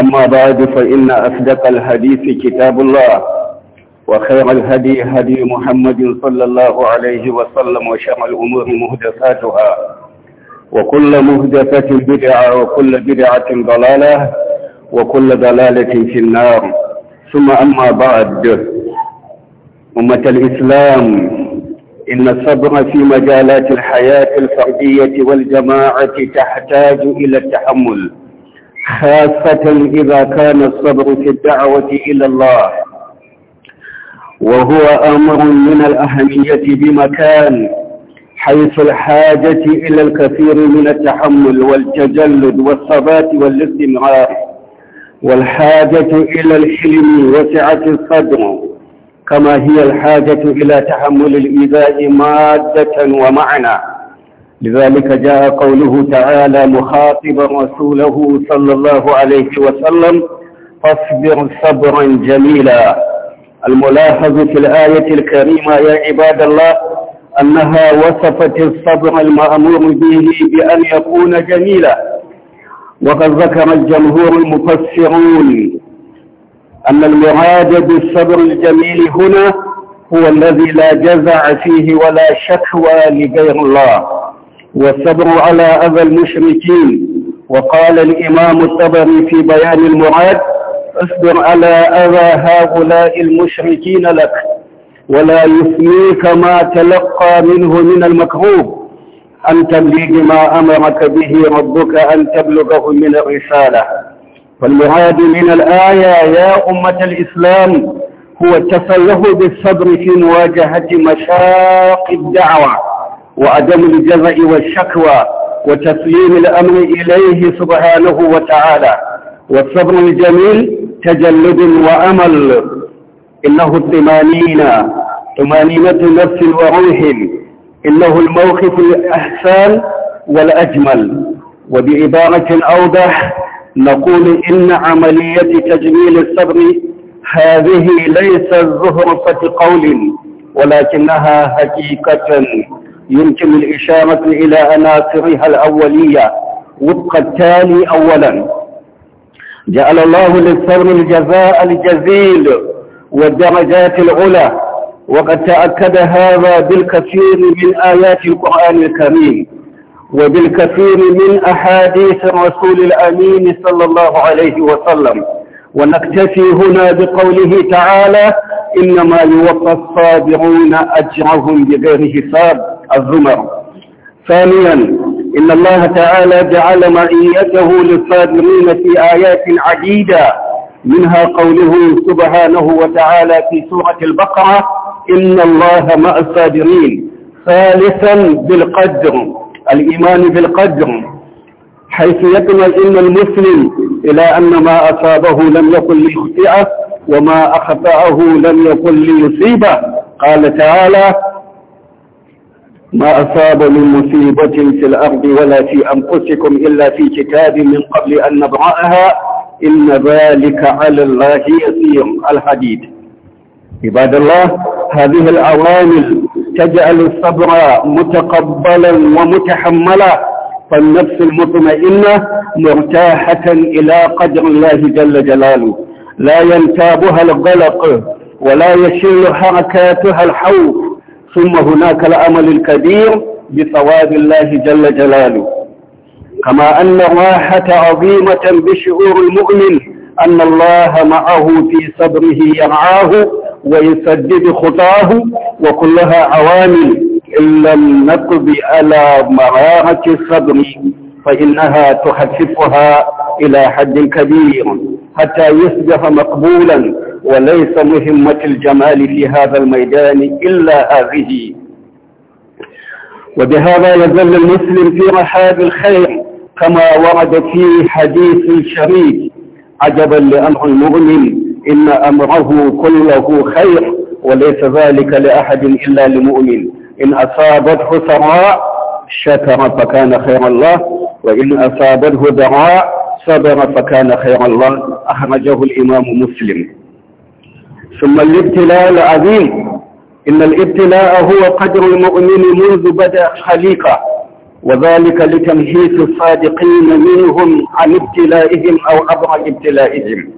أما بعد فإن أصدق الحديث كتاب الله وخير الهدي هدي محمد صلى الله عليه وسلم وشر الأمور مهدساتها وكل مهدسة بدعة وكل بدعة ضلالة وكل ضلالة في النار ثم أما بعد أمة الإسلام إن الصبر في مجالات الحياة الفردية والجماعة تحتاج إلى التحمل خاصة إذا كان الصبر في الدعوة إلى الله وهو أمر من الأهمية بمكان حيث الحاجة إلى الكثير من التحمل والتجلد والصبات والاستمرار والحاجة إلى الحلم وسعة الصدر كما هي الحاجة إلى تحمل الإيذاء مادة ومعنى لذلك جاء قوله تعالى مخاطبا رسوله صلى الله عليه وسلم فاصبر صبرا جميلا الملاحظ في الآية الكريمة يا عباد الله أنها وصفت الصبر المأمور به بأن يكون جميلا وقد ذكر الجمهور المفسرون أن المراد بالصبر الجميل هنا هو الذي لا جزع فيه ولا شكوى لغير الله والصبر على أذى المشركين وقال الإمام الطبري في بيان المعاد اصبر على أذى هؤلاء المشركين لك ولا يثنيك ما تلقى منه من المكروب أن تبليغ ما أمرك به ربك أن تبلغه من الرسالة فالمعاد من الآية يا أمة الإسلام هو التفيه بالصبر في مواجهة مشاق الدعوة وعدم الجزع والشكوى وتسليم الأمر إليه سبحانه وتعالى والصبر الجميل تجلد وأمل إنه الثمانين طمانينة نفس وروح إنه الموقف الأحسن والأجمل وبعبارة أوضح نقول إن عملية تجميل الصبر هذه ليس زهرفة قول ولكنها حقيقة يمكن الإشارة إلى أناصرها الأولية وفق التالي أولا جعل الله للثور الجزاء الجزيل والدرجات العلى وقد تأكد هذا بالكثير من آيات القرآن الكريم وبالكثير من أحاديث الرسول الأمين صلى الله عليه وسلم ونكتفي هنا بقوله تعالى إنما يوفى الصابرون أجرهم بغير حساب الزمر ثانيا إن الله تعالى جعل معيته للصادرين في آيات عديدة منها قوله سبحانه وتعالى في سورة البقرة إن الله مع الصادرين ثالثا بالقدر الإيمان بالقدر حيث إن المسلم إلى أن ما أصابه لم يكن ليخطئه وما أخطأه لم يكن ليصيبه قال تعالى ما أصاب من مصيبة في الأرض ولا في أنفسكم إلا في كتاب من قبل أن نبرأها إن ذلك على الله يسير الحديد عباد الله هذه العوامل تجعل الصبر متقبلا ومتحملا فالنفس المطمئنة مرتاحة إلى قدر الله جل جلاله لا ينتابها القلق ولا يشل حركاتها الحوف ثم هناك الأمل الكبير بثواب الله جل جلاله كما أن راحة عظيمة بشعور المؤمن أن الله معه في صبره يرعاه ويسدد خطاه وكلها عوامل إن لم نقض على مرارة الصبر فإنها تخففها إلى حد كبير حتى يصبح مقبولا وليس لهمة الجمال في هذا الميدان إلا هذه وبهذا يظل المسلم في رحاب الخير كما ورد في حديث شريف عجبا لأمر المؤمن إن أمره كله خير وليس ذلك لأحد إلا لمؤمن إن أصابته سراء شكر فكان خير الله وإن أصابته ضراء صبر فكان خير الله أخرجه الإمام مسلم ثم الابتلاء العظيم إن الابتلاء هو قدر المؤمن منذ بدأ خليقة وذلك لتمهيد الصادقين منهم عن ابتلائهم أو عبر ابتلائهم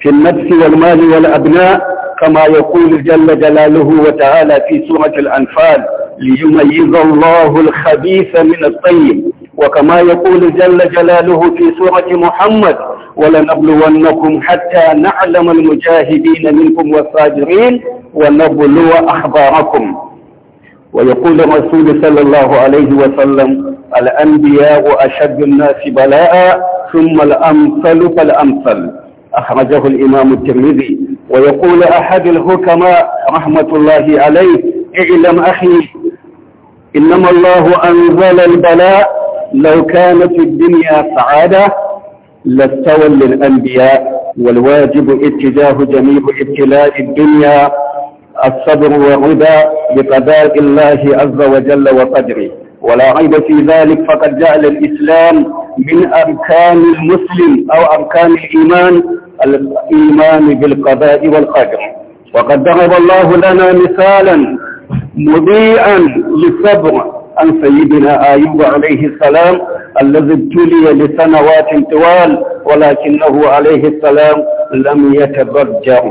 في النفس والمال والأبناء كما يقول جل جلاله وتعالى في سورة الأنفال ليميز الله الخبيث من الطيب وكما يقول جل جلاله في سورة محمد ولنبلونكم حتى نعلم المجاهدين منكم والصابرين ونبلو أخباركم ويقول الرسول صلى الله عليه وسلم الأنبياء أشد الناس بلاء ثم الأمثل فالأمثل أخرجه الإمام الترمذي ويقول أحد الحكماء رحمة الله عليه اعلم أخي إنما الله أنزل البلاء لو كانت الدنيا سعادة لاستوى للأنبياء والواجب اتجاه جميع ابتلاء الدنيا الصبر والرضا بقضاء الله عز وجل وقدره ولا عيب في ذلك فقد جعل الإسلام من أركان المسلم أو أركان الإيمان الإيمان بالقضاء والقدر وقد ضرب الله لنا مثالا مضيئا للصبر عن سيدنا أيوب عليه السلام الذي ابتلي لسنوات طوال ولكنه عليه السلام لم يتبرجع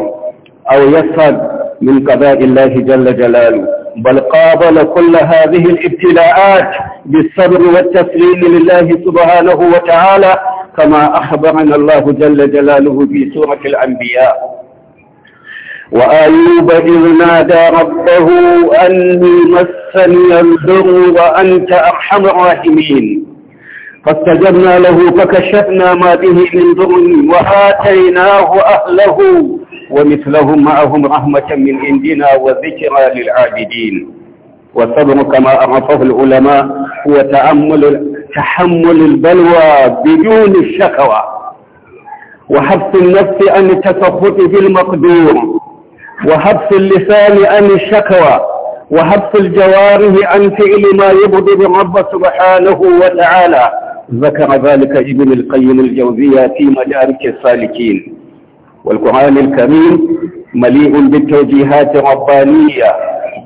أو يسعد من قضاء الله جل جلاله بل قابل كل هذه الابتلاءات بالصبر والتسليم لله سبحانه وتعالى كما أخبرنا الله جل جلاله في سورة الأنبياء وأيوب إذ نادى ربه أني مسني الضر وأنت أرحم الراحمين فاستجبنا له فكشفنا ما به من ضر وآتيناه أهله ومثلهم معهم رحمة من عندنا وذكرى للعابدين والصبر كما عرفه العلماء هو تأمل تحمل البلوى بدون الشكوى وحبس النفس عن التسخط في المقدور وحبس اللسان عن الشكوى وحبس الجوارح عن فعل ما يبغض الرب سبحانه وتعالى ذكر ذلك ابن القيم الجوزية في مدارك السالكين والقرآن الكريم مليء بالتوجيهات الربانية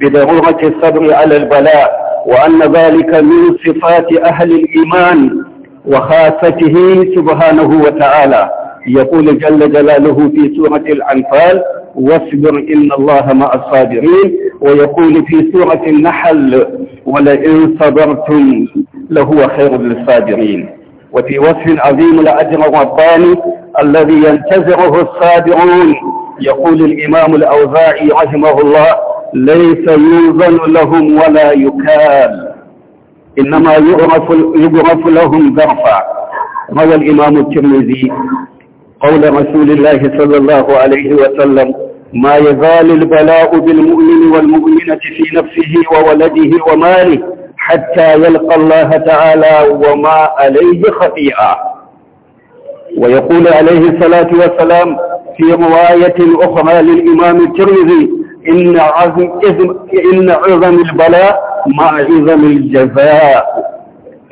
بضرورة الصبر على البلاء وأن ذلك من صفات أهل الإيمان وخاصته سبحانه وتعالى يقول جل جلاله في سورة الأنفال واصبر إن الله مع الصابرين ويقول في سورة النحل ولئن صبرتم لهو خير للصابرين وفي وصف عظيم لأجر رباني الذي ينتزعه الصابرون يقول الإمام الأوزاعي رحمه الله ليس يوزن لهم ولا يكال إنما يغرف لهم ذرفا روى الإمام الترمذي قول رسول الله صلى الله عليه وسلم ما يزال البلاء بالمؤمن والمؤمنة في نفسه وولده وماله حتى يلقى الله تعالى وما عليه خطيئة ويقول عليه الصلاة والسلام في رواية أخرى للإمام الترمذي إن عظم, إن عظم البلاء مع عظم الجزاء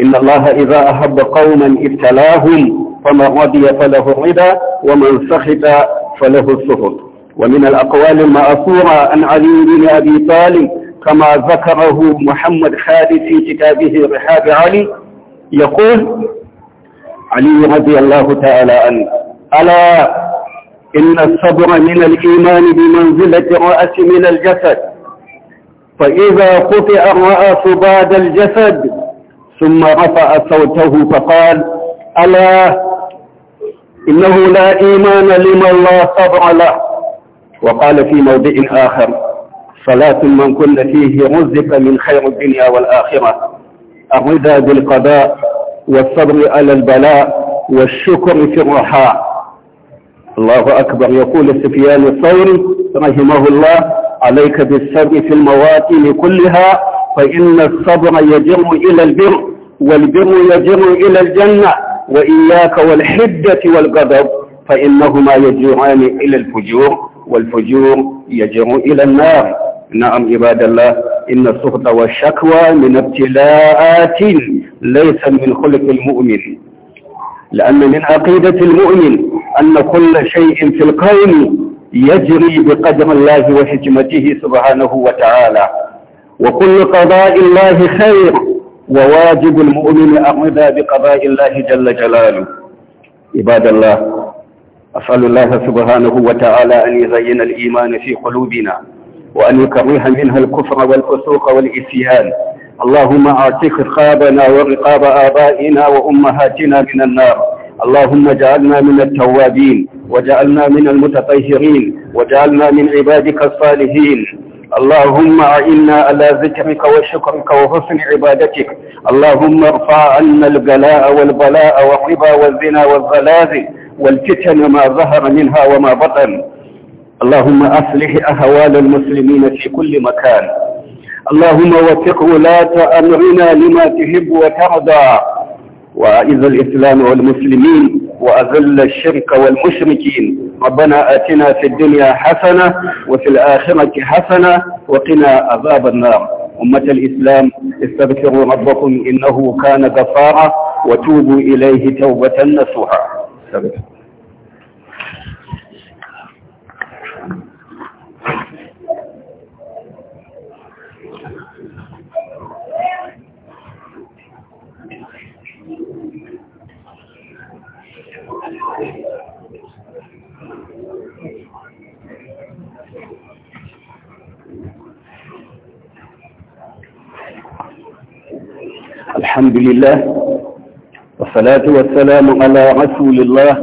إن الله إذا أحب قوما ابتلاهم فمن رضي فله الرضا ومن سخط فله السخط ومن الأقوال المأثورة عن علي بن أبي طالب كما ذكره محمد خالد في كتابه رحاب علي يقول علي رضي الله تعالى عنه ألا إن الصبر من الإيمان بمنزلة الرأس من الجسد فإذا قطع الرأس بعد الجسد ثم رفع صوته فقال ألا إنه لا إيمان لمن لا صبر له وقال في موضع آخر صلاة من كن فيه رزق من خير الدنيا والآخرة الرضا بالقضاء والصبر على البلاء والشكر في الرحاء الله أكبر يقول سفيان الصور رحمه الله عليك بالصبر في المواطن كلها فإن الصبر يجر إلى البر والبر يجر إلى الجنة وإياك والحدة والغضب فإنهما يجرعان إلى الفجور والفجور يجر إلى النار نعم عباد الله إن السخط والشكوى من ابتلاءات ليس من خلق المؤمن لأن من عقيدة المؤمن أن كل شيء في القوم يجري بقدر الله وحكمته سبحانه وتعالى وكل قضاء الله خير وواجب المؤمن الرضا بقضاء الله جل جلاله عباد الله أسأل الله سبحانه وتعالى أن يزين الإيمان في قلوبنا وأن يكره منها الكفر والفسوق والإسيان اللهم أعطيك رقابنا ورقاب آبائنا وأمهاتنا من النار اللهم اجعلنا من التوابين وجعلنا من المتطهرين وجعلنا من عبادك الصالحين اللهم أعنا على ذكرك وشكرك وحسن عبادتك اللهم ارفع عنا البلاء والبلاء والربا والزنا والزلازل والفتن ما ظهر منها وما بطن اللهم أصلح أهوال المسلمين في كل مكان اللهم وفق ولاة أمرنا لما تحب وترضى وأعز الإسلام والمسلمين وأذل الشرك والمشركين ربنا آتنا في الدنيا حسنة وفي الآخرة حسنة وقنا عذاب النار أمة الإسلام استغفروا ربكم إنه كان غفارا وتوبوا إليه توبة نصوحا الحمد لله والصلاة والسلام على رسول الله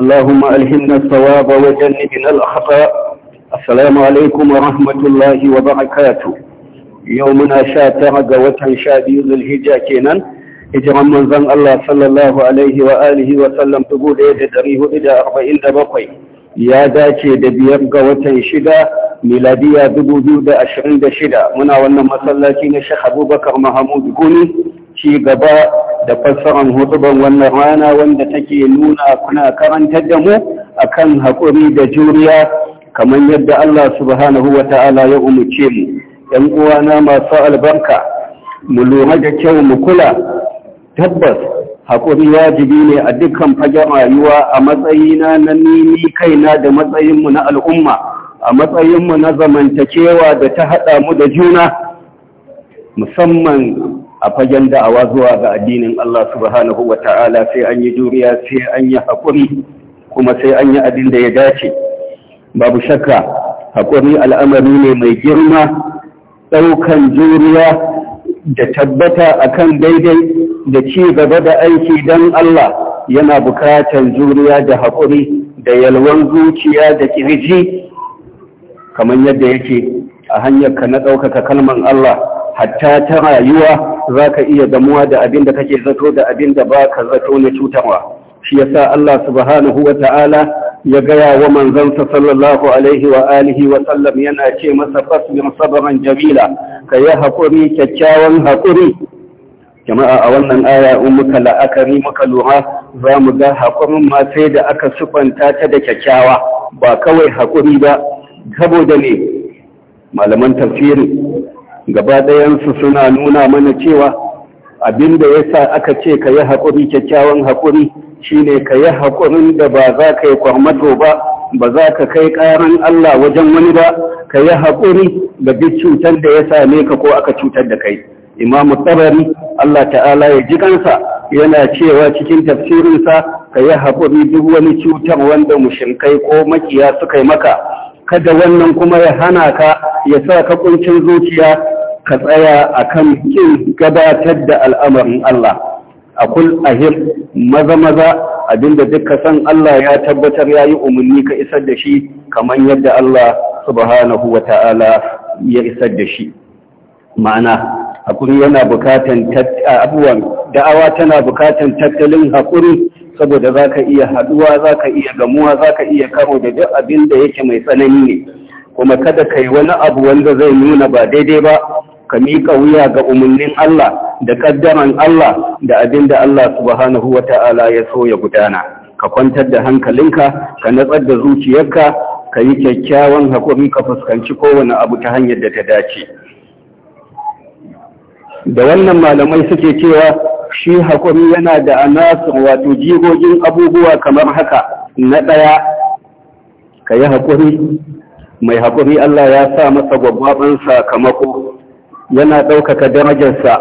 اللهم ألهمنا الصواب وجنبنا الأخطاء السلام عليكم ورحمة الله وبركاته يومنا شاتر قوة شابي ذو الهجا كينا هجرا من ذن الله صلى الله عليه وآله وسلم تقول إذا دريه إلى أربعين دبقين ya dace da biyar ga watan shida miladiya dubu biyu da ashirin da shida muna wannan masallaci na shek abubakar mahamudu guni ci gaba da fassarar hutuban wannan rana wanda take nuna kuna karantar da mu akan haƙuri da juriya kamar yadda Allah subhanahu wa ta'ala ya umarce mu ‘yan uwana masu albarka mu lura da kyau mu kula tabbas haƙuri wajibi ne a dukkan fagen rayuwa a matsayina na nini kaina da matsayinmu na al'umma a matsayinmu na zamantakewa da ta haɗa mu da juna musamman a fagen da'awa zuwa ga addinin Allah subhanahu wa ta'ala sai an yi juriya sai an yi haƙuri kuma sai an yi abin da ya dace babu shakka haƙuri al'amari ne mai girma ɗaukan juriya da tabbata akan daidai da ci gaba da aiki don Allah yana bukatar juriya da haƙuri da yalwan zuciya da ƙirji kamar yadda yake a hanyar ka na ɗaukaka kalman Allah hatta ta rayuwa za ka iya gamuwa da abin da kake zato da abin da ba ka zato na cutarwa shi ya sa Allah subhanahu wa ta'ala ya gaya wa manzansa sallallahu alaihi wa alihi wa sallam yana ce masa fasbir sabran jamila ka yi haƙuri kyakkyawan haƙuri jama'a a wannan aya in muka la'akari muka lura za mu ga haƙurin ma sai da aka sufanta ta da kyakkyawa ba kawai haƙuri ba saboda ne malaman tafsiri gaba ɗayansu suna nuna mana cewa abin da ya sa aka ce ka yi haƙuri kyakkyawan haƙuri shine ka yi haƙurin da ba za ka yi kwarmato ba ba za ka kai ƙaran Allah wajen wani ba ka yi haƙuri ga duk cutar da ya same ka ko aka cutar da kai imamu tabari Allah ta'ala ya ji kansa yana cewa cikin tafsirinsa ka yi haƙuri duk wani cutar wanda mushinkai ko makiya suka yi maka kada wannan kuma ya hana ka ya sa ka kuncin zuciya ka tsaya akan kin gabatar da al'amarin Allah a kul ahir maza maza abinda duka san Allah ya tabbatar ya yi umarni ka isar da shi kamar yadda Allah subhanahu wa ta'ala ya isar da shi ma'ana hakuri yana bukatan abubuwan da'awa tana bukatan tattalin hakuri saboda za ka iya haduwa za ka iya gamuwa za ka iya karo da duk abin da yake mai tsanani ne kuma kada ka yi wani abu wanda zai nuna ba daidai ba ka miƙa wuya ga umarnin Allah da ƙaddaran Allah da abin da Allah subhanahu wa ta'ala ya so ya gudana ka kwantar da hankalinka ka natsar da zuciyarka ka yi kyakkyawan haƙuri ka fuskanci kowane abu ta hanyar da ta dace da wannan malamai suke cewa shi hakuri yana da anasu wato jigogin abubuwa kamar haka na ɗaya ka yi haƙuri mai hakuri Allah ya sa masa gwagwaban sakamako yana ɗaukaka darajarsa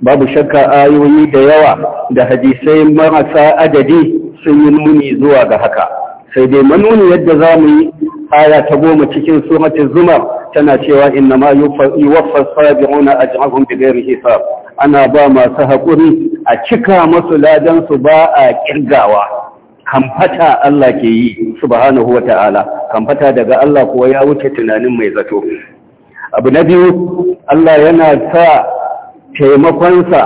babu shakka ayoyi da yawa da hadisai marasa adadi sun yi nuni zuwa ga haka sai dai manuni yadda za mu yi aya ta goma cikin suratul zuma tana cewa inna ma yi ona a ajrahum bighairi hisab ana ba masu haƙuri a cika masu ladan ba a ƙirgawa. kamfata Allah ke yi subhanahu ta'ala. kamfata daga Allah kuwa ya wuce tunanin mai zato abu na biyu Allah yana sa taimakonsa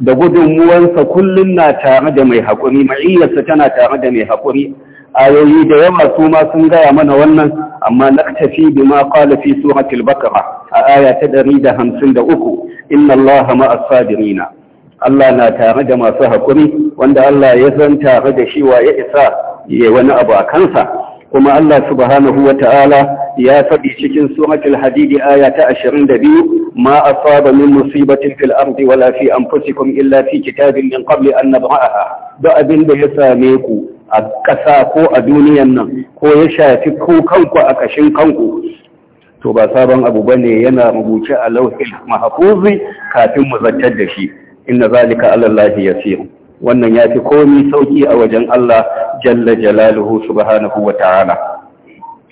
da gudunmuwansa kullum na tare da mai haƙuri ma'iyyarsa tana tare da mai haƙuri ayoyi da yamma su ma sun gaya mana wannan amma naktafi bima qala fi a al ɗari a aya ta uku, inna allaha ma'as sabirina Allah na tare da masu hakuri wanda Allah ya san tare da shi wa ya isa ya wani abu a kansa kuma Allah subhanahu wa ta'ala ya faɗi cikin suratul hadidi aya ta biyu ma asaba min musibatin fil ardi wala fi anfusikum illa fi kitabin min qabli an nabra'aha da abin da ya same ku a ƙasa ko a duniyan nan ko ya shafi ko kanku a ƙashin kanku to ba sabon abu ba ne yana rubuce a lauhin mahafuzi kafin mu zartar da shi inna zalika alallahi yasir wannan ya fi komi sauki a wajen Allah jalla jalaluhu subhanahu wa ta'ala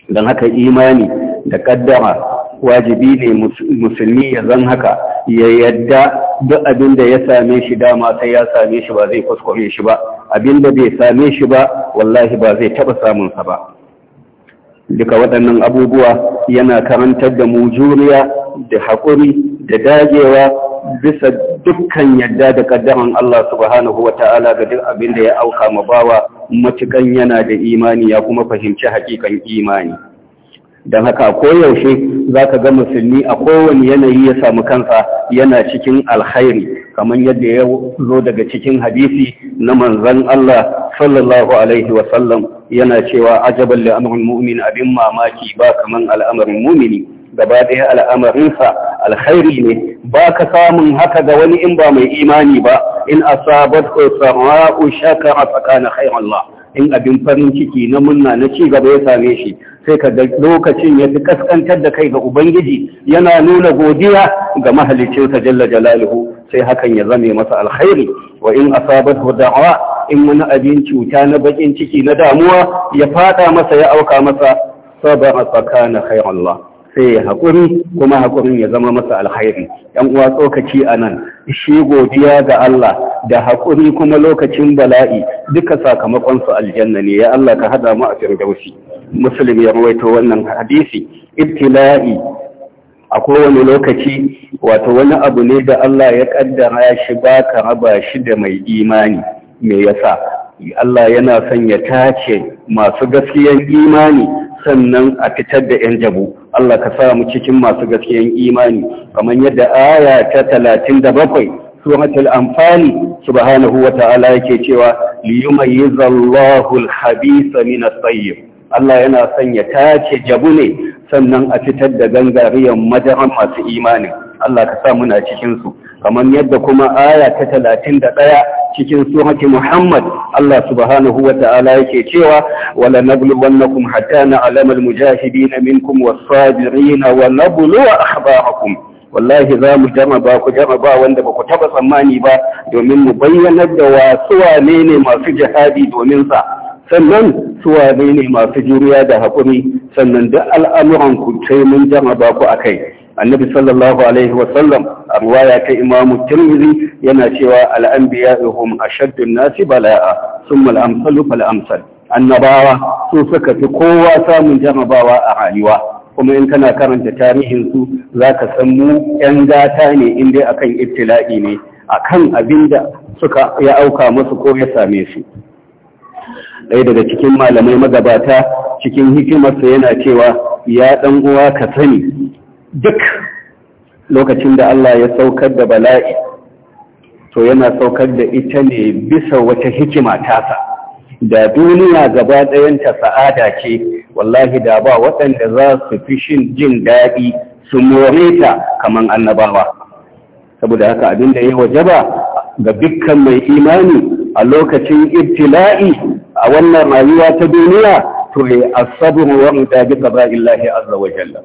don haka imani da kaddara wajibi ne musulmi ya zan haka ya yadda duk abin da ya same shi dama sai ya same shi ba zai kuskure shi ba abin da bai same shi ba wallahi ba zai taɓa samunsa ba duka waɗannan abubuwa yana karantar da mu juriya da haƙuri da dagewa bisa dukkan yadda da ƙaddaran Allah subhanahu wa ta'ala ga duk abin da ya auka ma bawa matukan yana da imani ya kuma fahimci haƙiƙan imani. don haka a koyaushe za ka ga musulmi a kowane yanayi ya samu kansa yana cikin alkhairi kamar yadda ya zo daga cikin hadisi na manzan Allah sallallahu alaihi wasallam yana cewa ajabar la'amarin mu'min abin mamaki ba kamar al'amarin mumini gaba ɗaya al'amarinsa alkhairi ne ba ka samun haka ga wani in ba mai imani ba in asabat ko sarra'u shaka a tsakanin khairar Allah in abin farin ciki na munna na ci gaba ya same shi sai ka lokacin ya fi kaskantar da kai ga ubangiji yana nuna godiya ga mahalicinsa jalla jalaluhu sai hakan ya zame masa alkhairi wa in asabathu da'wa in wani abin cuta na bakin ciki na damuwa ya fada masa ya auka masa sabara na kai Allah sai ya haƙuri kuma haƙurin ya zama masa alkhairi ‘yan uwa tsokaci a nan shi godiya ga Allah da haƙuri kuma lokacin bala'i duka sakamakonsu aljanna ne ya Allah ka haɗa mu a firdausi Musulmi ya ruwaito wannan hadisi ibtila'i a kowane lokaci wato wani abu ne da Allah ya kaddara shi baka raba shi da mai imani me yasa Allah yana son ya tace masu gaskiyar imani sannan a fitar da 'yan jabu Allah ka sa mu cikin masu gaskiyar imani kamar yadda aya ta 37 suratul anfali subhanahu wata'ala yake cewa liyumayyiza Allahu min as Allah yana son ya tace jabu ne sannan a fitar da gangariyar madaran masu imanin Allah ka sa muna cikinsu kamar yadda kuma aya ta talatin da ɗaya cikin surati Muhammad Allah subhanahu wa ta'ala yake cewa wala nabluwannakum hatta na'lama almujahidina minkum was-sabirin wa nabluwa akhbarakum wallahi za mu jarraba ku ba wanda ba ku taba tsammani ba domin mu bayyanar da wasu wane ne masu jihadi domin sa sannan zai ne masu juriya da haƙuri sannan da al'amuran ku sai mun jama ba ku kai. annabi sallallahu alaihi wasallam a ruwaya ta imamu tirmidhi yana cewa a shaddun nasi bala'a summa al'amsalu fal annabawa su suka fi kowa samun jarabawa a rayuwa kuma in kana karanta tarihinsu, za ka san mu yan gata ne in dai akan ibtila'i ne akan abinda suka ya auka musu ko ya same su ɗaya daga cikin malamai magabata cikin hikimarsa yana cewa ya ɗan uwa ka sani duk lokacin da Allah ya saukar da bala'i to yana saukar da ita ne bisa wata hikima tasa da duniya gaba ɗayanta sa'ada ce wallahi da ba waɗanda za su fi shin jin daɗi su more ta kamar annabawa saboda haka abin da ya wajaba ga dukkan mai imani a lokacin ibtila'i a wannan rayuwa ta duniya to ya asabu wa ta bi illahi, azza wa jalla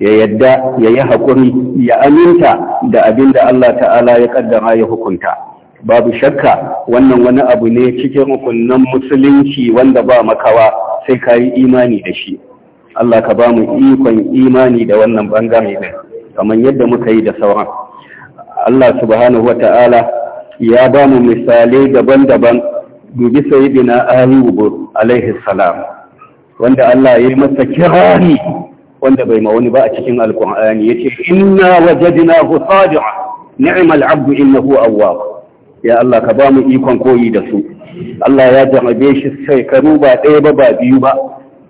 ya yadda ya yi hakuri ya aminta da abin da Allah ta'ala ya kaddara ya hukunta babu shakka wannan wani abu ne cikin hukunan musulunci wanda ba makawa sai ka yi imani da shi Allah ka ba mu ikon imani da wannan bangare ne kamar yadda muka yi da sauran Allah subhanahu wa ta'ala ya ba mu misalai daban-daban dubi sayyidina ayyubu alaihi salam wanda Allah ya yi masa kirani wanda bai ma wani ba a cikin alkur'ani yace inna wajadnahu sadiqa ni'mal 'abdu innahu awwab ya Allah ka ba mu ikon koyi da su Allah ya jarabe shi shekaru ba ɗaya ba ba biyu ba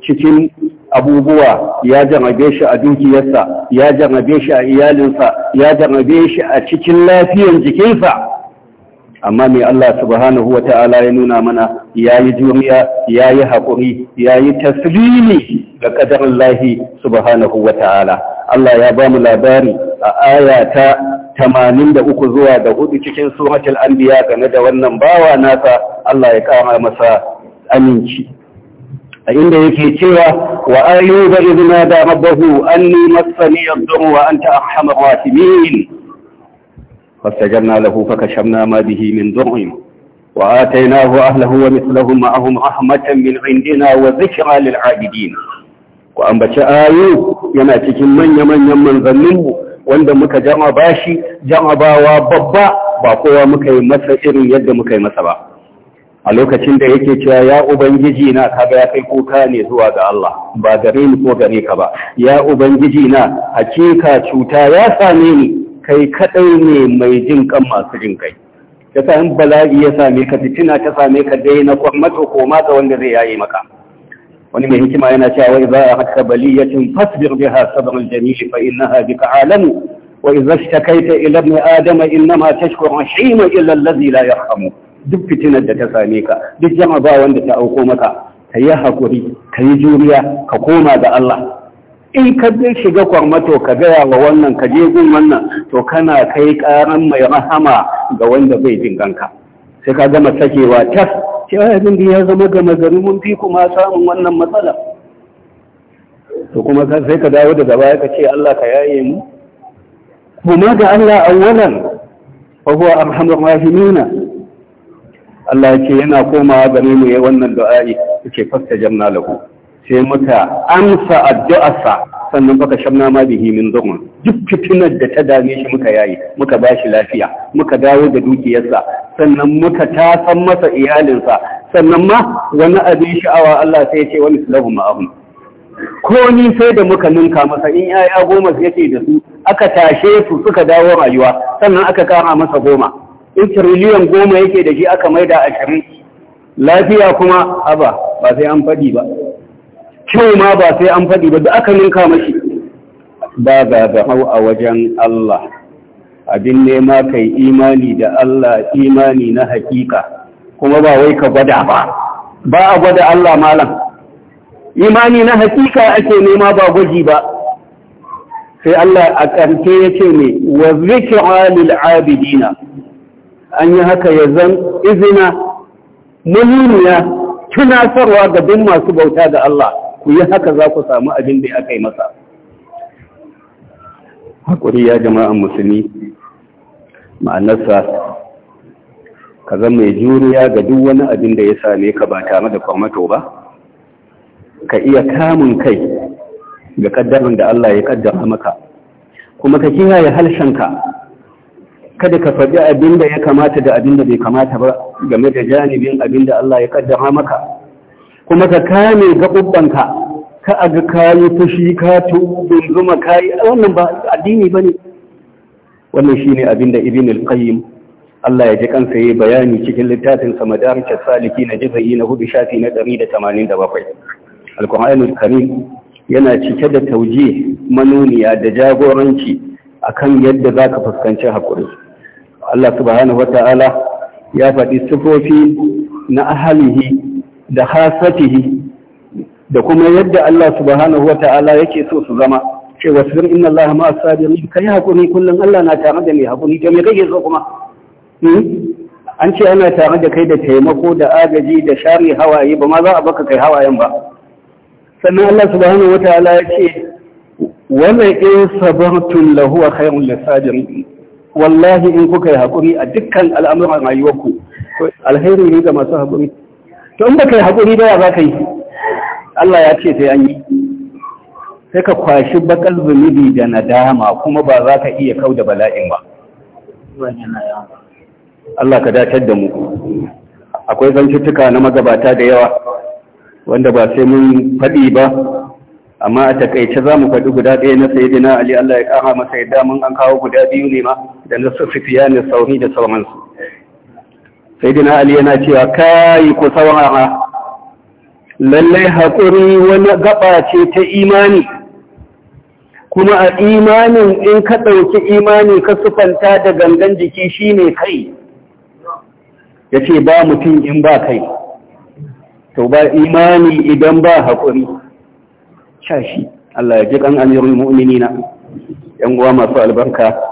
cikin abubuwa ya jarabe shi a dukiyarsa ya jarabe shi a iyalinsa ya jarabe shi a cikin lafiyar jikinsa amma mai Allah subhanahu wa ta'ala ya nuna mana ya yi juriya ya yi haƙuri ya yi taslimi ga ƙadarin lahi, subhanahu wa ta'ala Allah ya ba mu labari a aya ta tamanin da uku zuwa da hudu cikin suratul anbiya game da wannan bawa nasa Allah ya kama masa aminci a inda yake cewa wa ayyuba idna da rabbahu anni massani durwa, wa anta arhamar rahimin فاستجبنا له فكشفنا ما به من ضر وآتيناه أهله ومثلهم معهم رحمة من عندنا وذكرى للعابدين وأنبت آيو ينا من يمن يمن ظننه wanda muka jaraba shi jarabawa babba ba kowa muka yi masa irin yadda muka yi masa ba a lokacin da yake cewa ya ubangiji na kaga ya kai kuka ne zuwa ga Allah ba gare ni ko gare ka ba ya ubangiji na hakika cuta ya same ni kai kadai ne mai jin kan masu jin kai ya sa in bala'i ya same ka fitina ta same ka daina kwammato koma ga wanda zai yayi maka wani mai hikima yana cewa wai za a haka baliyatin fasbir biha sabrul jamil fa innaha bika alamu wa idza ishtakaita ila ibn adam innama tashku rahima illa allazi la yarhamu duk fitinar da ta same ka duk jama'a wanda ta auko maka kayi hakuri kayi juriya ka koma ga Allah in ka je shiga kwarmato ka gaya wa wannan ka je gun wannan to kana kai karan mai rahama ga wanda bai jin ganka sai ka gama sakewa tas ce wa da ya zama gama gari mun fi kuma samun wannan matsala to kuma sai ka dawo da gaba ka ce Allah ka yaye mu kuma ga Allah awwalan fa huwa arhamur rahimin Allah ya ce yana komawa gare mu yayin wannan du'a ce fasta jannalahu sai muka amsa addu'arsa sannan baka shamna ma bihi min dhumun duk fitinar da ta dame shi muka yayi muka ba shi lafiya muka dawo da dukiyarsa sannan muka tasan masa iyalinsa sannan ma wani abin sha'awa Allah sai ya ce wani sulahu ma'ahum ko ni sai da muka ninka masa in yaya goma yake da su aka tashe su suka dawo rayuwa sannan aka kara masa goma in tiriliyan goma yake da shi aka maida ashirin lafiya kuma haba ba sai an faɗi ba kyau ma ba sai an faɗi ba da aka ninka mashi ba ga da hau a wajen Allah abin nema kai imani da Allah imani na hakika kuma ba wai ka gwada ba ba a gwada Allah malam imani na hakika ake nema ba gwaji ba sai Allah a ƙarfe ya ce ne wa zikra abidina an yi haka ya zan izina muhimmiya tunasarwa ga duk masu bauta ga Allah ku yi haka za ku samu abin da aka yi masa haƙuri ya jama'an musulmi ma'anarsa ka zan mai juriya ga duk wani abin da ya same ka ba tare da kwamato ba ka iya kamun kai ga kaddarin da Allah ya kaddara maka kuma ka kiyaye harshenka kada ka faɗi abin da ya kamata da abin da bai kamata ba game da janibin abin da Allah ya kaddara maka kuma ka kame gaɓuɓɓanka ka a ga kayi fushi ka tubin zuma kayi wannan ba addini ba ne wannan shi ne abinda ibn al-qayyim Allah ya ji kansa yi bayani cikin littafin sa madarikin saliki na jifayi na hudu shafi na 187 alkur'anul karim yana cike da tauji manuniya da jagoranci akan yadda za ka fuskanci haƙuri Allah subhanahu ta'ala ya faɗi sifofi na ahalihi da hasatihi da kuma yadda Allah subhanahu wa ta'ala yake so su zama wasu sirrin inna Allah ma as-sabirin kai hakuri kullum Allah na tare da mai hakuri ta, me kake so kuma hmm? an ce ana tare da kai da taimako da agaji da share hawaye ba ma za a baka kai hawayen ba sannan Allah subhanahu wa ta'ala ya ce wala in sabartum lahu wa khairul lisabirin wallahi in kuka yi hakuri a dukkan al'amuran rayuwarku alheri ne ga masu hakuri to in baka yi haƙuri da za ka yi Allah ya ce sai an yi sai ka kwashi bakal zunubi da nadama kuma ba za ka iya kau da bala'in ba Allah ka datar da mu akwai zantuttuka na magabata da yawa wanda ba sai mun faɗi ba amma a takaice za mu faɗi guda ɗaya na dina ali Allah ya ƙara masa yadda mun an kawo guda biyu ne ma da na sufiya ne sauri da sauransu Saidina ali yana cewa kai ku saurara lallai haƙuri wani gaba ce ta imani kuma a imanin in ka ɗauki imani ka sufanta da gangan jiki shine kai ya ce ba mutum in ba kai to ba imani idan ba haƙuri shi. Allah ya ji ƙan amirul mu'minina yan uwa masu albarka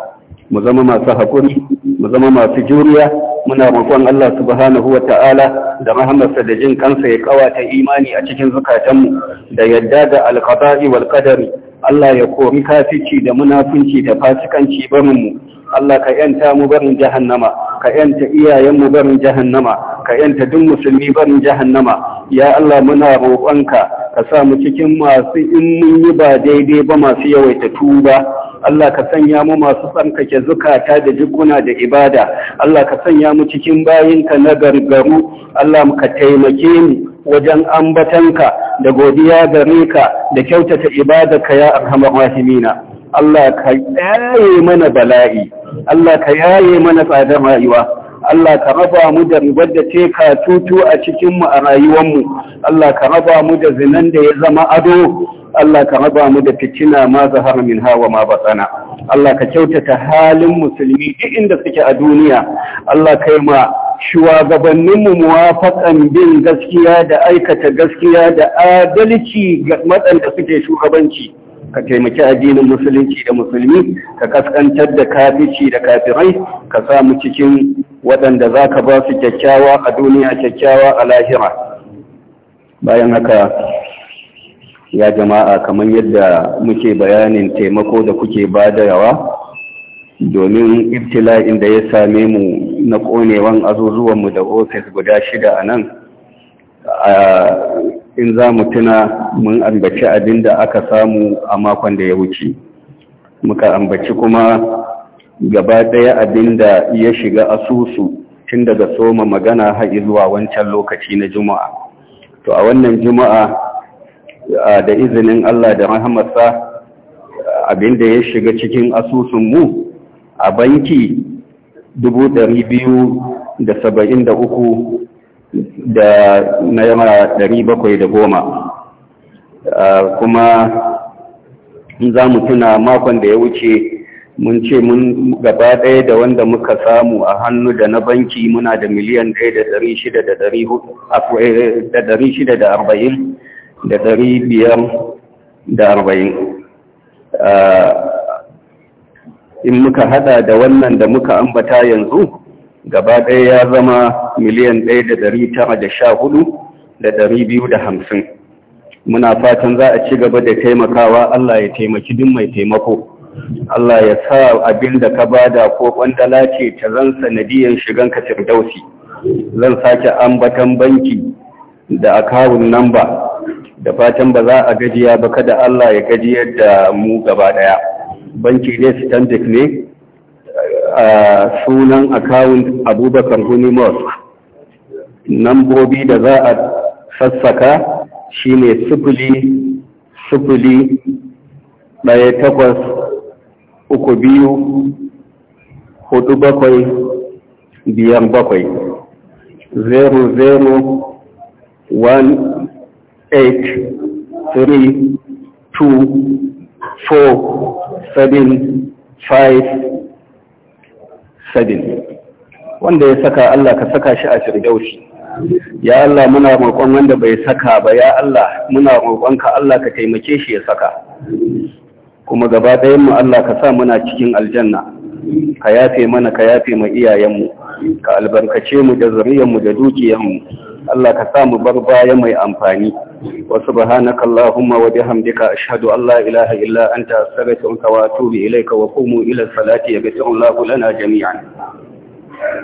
mu zama masu haƙuri mu zama masu juriya muna roƙon Allah subhanahu wata'ala da rahmarsa da jin kansa ya kawata imani a cikin zukatanmu da yadda da alqada'i wal qadari Allah ya kori kafici da munafunci da fasikanci barinmu Allah ka yanta mu barin jahannama ka yanta iyayenmu barin jahannama ka yanta duk musulmi barin jahannama ya Allah muna roƙonka ka sa mu cikin masu in mun yi ba daidai ba masu yawaita tuba Allah ka sanya mu masu tsankake zukata da jikuna da ibada Allah ka sanya mu cikin bayinka na gargaru Allah ka taimake mu wajen ambatanka da godiya gare ka da kyautata ibadarka ya arhamar rahimina Allah ka yaye mana bala'i Allah ka yaye mana tsadar rayuwa Allah ka raba mu da ribar da ce ka tutu a cikinmu a rayuwanmu Allah ka raba mu da zinan da ya zama ado Allah ka raba mu da fitina ma zahara min hawa ma batsana Allah ka kyautata halin musulmi duk inda suke a duniya Allah kai ma shugabanninmu muwafaƙan bin gaskiya da aikata gaskiya da adalci ga waɗanda suke shugabanci ka taimaki addinin musulunci da musulmi ka kaskantar da kafici da kafirai ka sa mu cikin waɗanda za ka ba su kyakkyawa a duniya kyakkyawa a lahira bayan haka ya jama'a kamar yadda muke bayanin taimako da kuke ba da yawa, domin ibtila'in da ya same mu na konewan azuzuwanmu da ofis guda shida a nan in za mu tuna mun ambaci abin da aka samu a makon da ya wuce muka ambaci kuma gaba ɗaya abin da ya shiga asusu tun daga soma magana har zuwa wancan lokaci na juma'a to a wannan juma'a da izinin Allah da rahamarsa abinda ya shiga cikin asusunmu a banki dubu ɗari biyu da naira ɗari goma kuma za mu tuna makon da ya wuce mun ce mun gaba ɗaya da wanda muka samu a hannu da na banki muna da miliyan ɗaya da ɗari biyar da arba'in ah, in muka hada da wannan da muka ambata yanzu gaba ɗaya ya zama miliyan ɗaya da ɗari tara da sha hudu da ɗari biyu da hamsin muna fatan za a ci gaba da taimakawa Allah ya taimaki duk mai taimako Allah ya sa abin da ka bada ko kwandala ce ta zan sanadiyan shigan ka firdausi zan sake ambatan banki da akawun namba da fatan ba za a gajiya ba kada Allah ya gajiyar da mu gaba daya banki ne standard ne a sunan account abubakar huni mosque nambobi da za a sassaka shine sufuli sufuli ɗaya takwas uku biyu hudu bakwai biyan bakwai zero eight wanda ya saka Allah ka saka shi a firdausi ya Allah muna roƙon wanda bai saka ba ya Allah muna ka. Allah ka taimake shi ya saka kuma gaba ɗayan mu Allah ka sa muna cikin aljanna ka yafe mana ka yafe ma iyayenmu ka albarkace mu da zuriyarmu da dukiyarmu Allah ka samu bar baya mai amfani wa subhanaka allahumma wa bihamdika ashhadu an la ilaha illa anta astaghfiruka wa atubu ilayka wa qumu ila salati yaghfir Allahu lana jami'an